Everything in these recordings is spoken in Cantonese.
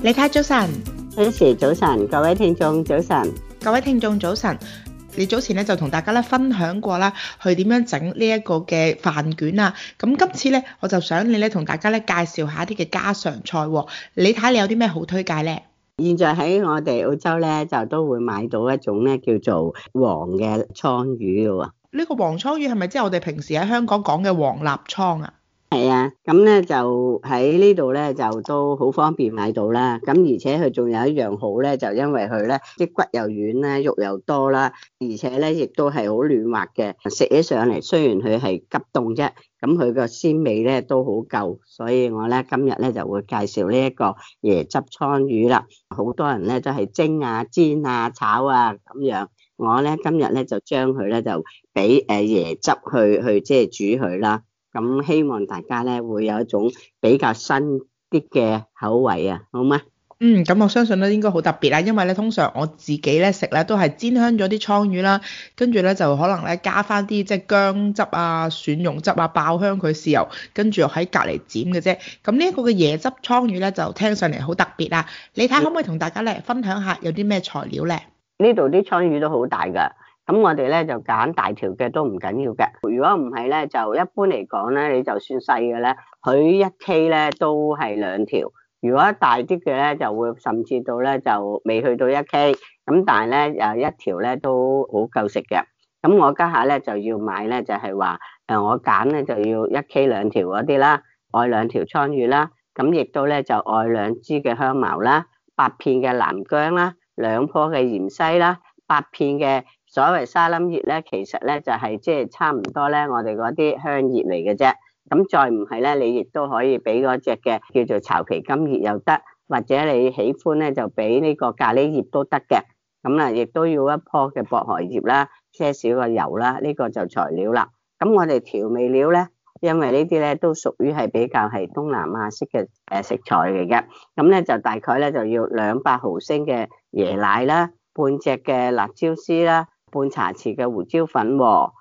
你睇早晨，早晨早晨，各位聽眾早晨，各位聽眾早晨。你早前咧就同大家咧分享過啦，去點樣整呢一個嘅飯卷啊？咁今次咧，我就想你咧同大家咧介紹下一啲嘅家常菜。你睇你有啲咩好推介咧？現在喺我哋澳洲咧就都會買到一種咧叫做黃嘅鯧魚嘅。呢個黃鯧魚係咪即係我哋平時喺香港講嘅黃立鯧啊？係啊，咁咧就喺呢度咧就都好方便買到啦。咁而且佢仲有一樣好咧，就因為佢咧啲骨又軟咧，肉又多啦，而且咧亦都係好嫩滑嘅。食起上嚟雖然佢係急凍啫，咁佢個鮮味咧都好夠。所以我咧今日咧就會介紹呢一個椰汁倉魚啦。好多人咧都係蒸啊、煎啊、炒啊咁樣。我咧今日咧就將佢咧就俾誒椰汁去去即係煮佢啦。咁希望大家咧會有一種比較新啲嘅口味啊，好嗎？嗯，咁我相信咧應該好特別啦，因為咧通常我自己咧食咧都係煎香咗啲鯧魚啦，跟住咧就可能咧加翻啲即係薑汁啊、蒜蓉汁啊爆香佢，豉油，跟住又喺隔離剪嘅啫。咁呢一個嘅椰汁鯧魚咧就聽上嚟好特別啊！你睇可唔可以同大家咧分享下有啲咩材料咧？呢度啲鯧魚都好大㗎。咁我哋咧就揀大條嘅都唔緊要嘅。如果唔係咧，就一般嚟講咧，你就算細嘅咧，佢一 K 咧都係兩條。如果大啲嘅咧，就會甚至到咧就未去到一 K。咁但係咧，又一條咧都好夠食嘅。咁我家下咧就要買咧，就係話誒，我揀咧就要一 K 兩條嗰啲啦，愛兩條倉魚啦，咁亦都咧就愛兩支嘅香茅啦，八片嘅南薑啦，兩棵嘅芫茜啦，八片嘅。所謂沙冧葉咧，其實咧就係即係差唔多咧，我哋嗰啲香葉嚟嘅啫。咁再唔係咧，你亦都可以俾嗰隻嘅叫做潮期金葉又得，或者你喜歡咧就俾呢個咖喱葉都得嘅。咁啦，亦都要一樖嘅薄荷葉啦，些少個油啦，呢個就材料啦。咁我哋調味料咧，因為呢啲咧都屬於係比較係東南亞式嘅誒食材嚟嘅。咁咧就大概咧就要兩百毫升嘅椰奶啦，半隻嘅辣椒絲啦。半茶匙嘅胡椒粉喎、哦，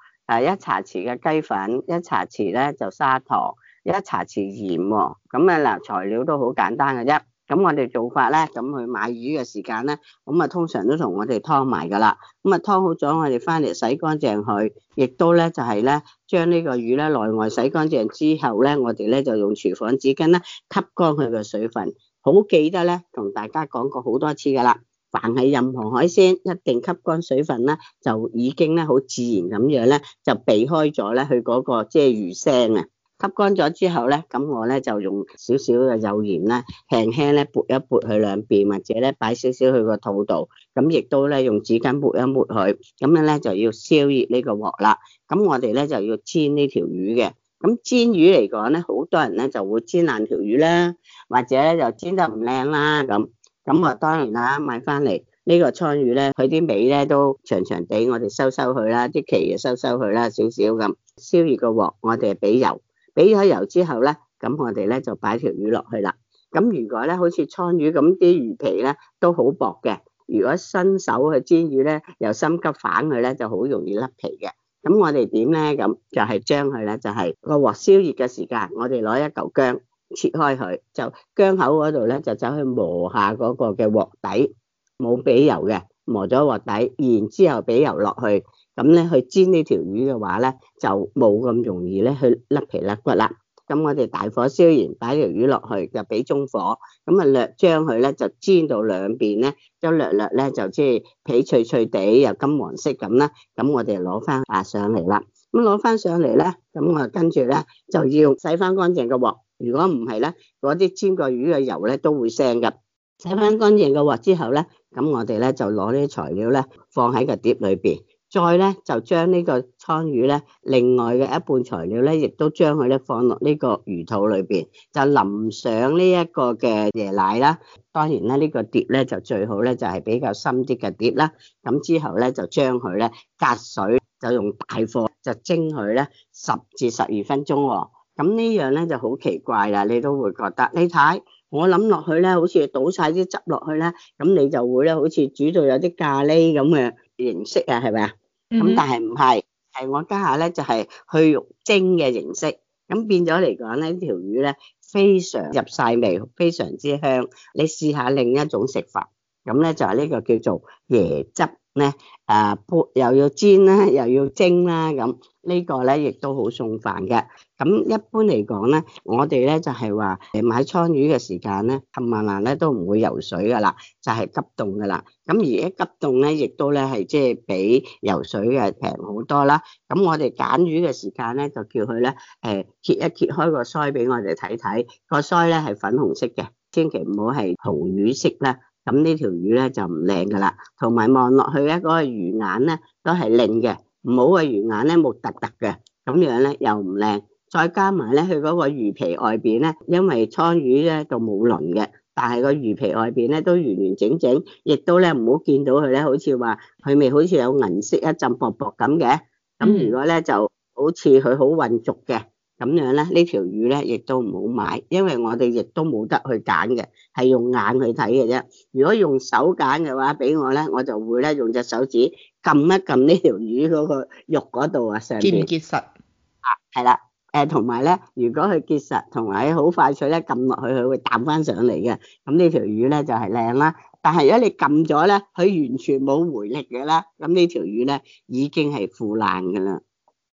一茶匙嘅雞粉，一茶匙咧就砂糖，一茶匙鹽喎、哦。咁啊嗱，材料都好簡單嘅啫。咁我哋做法咧，咁去買魚嘅時間咧，咁啊通常都同我哋劏埋噶啦。咁啊劏好咗，我哋翻嚟洗乾淨佢，亦都咧就係咧將呢個魚咧內外洗乾淨之後咧，我哋咧就用廚房紙巾咧吸乾佢嘅水分。好記得咧，同大家講過好多次噶啦。凡係任何海鮮，一定吸乾水分啦，就已經咧好自然咁樣咧，就避開咗咧佢嗰個即係魚腥啊！吸乾咗之後咧，咁我咧就用少少嘅幼鹽啦，輕輕咧撥一撥佢兩邊，或者咧擺少少去個肚度，咁亦都咧用紙巾抹一抹佢，咁樣咧就要燒熱呢個鑊啦。咁我哋咧就要煎呢條魚嘅。咁煎魚嚟講咧，好多人咧就會煎爛條魚啦，或者咧就煎得唔靚啦咁。咁我當然啦，買翻嚟、這個、呢個倉魚咧，佢啲尾咧都長長地，我哋收收佢啦，啲鰭又收收佢啦，少少咁。燒熱個鑊，我哋俾油，俾咗油之後咧，咁我哋咧就擺條魚落去啦。咁如果咧好似倉魚咁啲魚皮咧都好薄嘅，如果新手去煎魚咧又心急反佢咧就好容易甩皮嘅。咁我哋點咧咁就係將佢咧就係、是、個鑊燒熱嘅時間，我哋攞一嚿薑。切開佢，就薑口嗰度咧，就走去磨下嗰個嘅鑊底，冇俾油嘅，磨咗鑊底，然之後俾油落去，咁咧去煎呢條魚嘅話咧，就冇咁容易咧去甩皮甩骨啦。咁我哋大火燒完，擺條魚落去，就俾中火，咁啊略將佢咧就煎到兩邊咧，就略略咧就即係皮脆脆地又金黃色咁啦。咁我哋攞翻啊上嚟啦，咁攞翻上嚟咧，咁我啊跟住咧就要洗翻乾淨嘅鑊。如果唔係咧，嗰啲煎過魚嘅油咧都會腥噶。洗翻乾淨個鑊之後咧，咁我哋咧就攞啲材料咧放喺個碟裏邊，再咧就將呢個倉魚咧，另外嘅一半材料咧，亦都將佢咧放落呢個魚肚裏邊，就淋上呢一個嘅椰奶啦。當然啦，呢個碟咧就最好咧就係比較深啲嘅碟啦。咁之後咧就將佢咧隔水就用大火就蒸佢咧十至十二分鐘喎。咁呢樣咧就好奇怪啦，你都會覺得，你睇，我諗落去咧，好似倒晒啲汁落去咧，咁你就會咧，好似煮到有啲咖喱咁嘅形式啊，係咪啊？咁、mm hmm. 但係唔係，係我家下咧就係、是、去肉蒸嘅形式，咁變咗嚟講咧，呢條魚咧非常入晒味，非常之香。你試下另一種食法，咁咧就係呢個叫做椰汁。咧，啊，煲又要煎啦，又要蒸啦，咁呢個咧，亦都好送飯嘅。咁一般嚟講咧，我哋咧就係話，誒買倉魚嘅時間咧，冚唪唥咧都唔會游水噶啦，就係急凍噶啦咁而一急凍咧，亦都咧係即係比游水嘅平好多啦。咁我哋揀魚嘅時間咧，就叫佢咧，誒揭一揭開個鰓俾我哋睇睇，個鰓咧係粉紅色嘅，千祈唔好係紅魚色啦。咁呢條魚咧就唔靚噶啦，同埋望落去咧嗰個魚眼咧都係靚嘅，唔好嘅魚眼咧木突突嘅，咁樣咧又唔靚。再加埋咧佢嗰個魚皮外邊咧，因為倉魚咧就冇鱗嘅，但係個魚皮外邊咧都圓圓整整，亦都咧唔好見到佢咧好似話佢未好似有銀色一陣薄薄咁嘅。咁如果咧就好似佢好混濁嘅。咁樣咧，呢條魚咧亦都唔好買，因為我哋亦都冇得去揀嘅，係用眼去睇嘅啫。如果用手揀嘅話，俾我咧，我就會咧用隻手指撳一撳呢條魚嗰個肉嗰度啊，上邊結唔結實？啊，係啦，誒、呃，同埋咧，如果佢結實，同埋好快脆咧撳落去，佢會彈翻上嚟嘅。咁呢條魚咧就係靚啦。但係如果你撳咗咧，佢完全冇回力嘅啦，咁呢條魚咧已經係腐爛噶啦。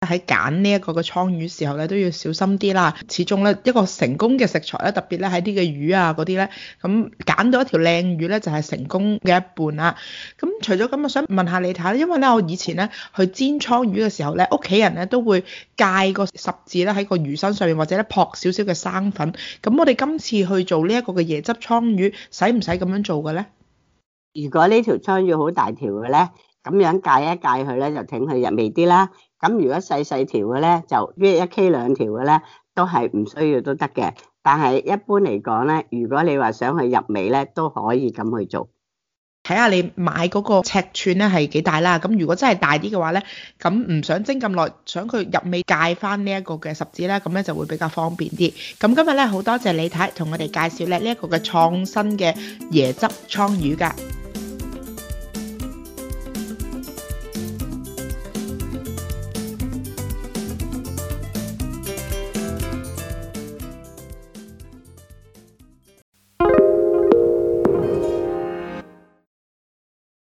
喺揀呢一個嘅倉魚時候咧，都要小心啲啦。始終咧一個成功嘅食材咧，特別咧喺呢嘅魚啊嗰啲咧，咁揀到一條靚魚咧，就係成功嘅一半啦。咁除咗咁啊，我想問下你睇，因為咧我以前咧去煎倉魚嘅時候咧，屋企人咧都會介個十字咧喺個魚身上面，或者咧撲少少嘅生粉。咁我哋今次去做呢一個嘅椰汁倉魚，使唔使咁樣做嘅咧？如果呢條倉魚好大條嘅咧？咁樣戒一戒佢咧，就挺佢入味啲啦。咁如果細細條嘅咧，就即係一 K 兩條嘅咧，都係唔需要都得嘅。但係一般嚟講咧，如果你話想去入味咧，都可以咁去做。睇下你買嗰個尺寸咧係幾大啦。咁如果真係大啲嘅話咧，咁唔想蒸咁耐，想佢入味戒翻呢一個嘅十字咧，咁咧就會比較方便啲。咁今日咧好多謝李太同我哋介紹咧呢一個嘅創新嘅椰汁倉魚㗎。